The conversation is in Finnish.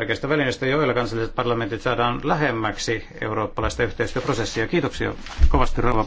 oikeasta välineestä, joilla kansalliset parlamentit saadaan lähemmäksi eurooppalaista yhteistyöprosessia. Kiitoksia kovasti rouva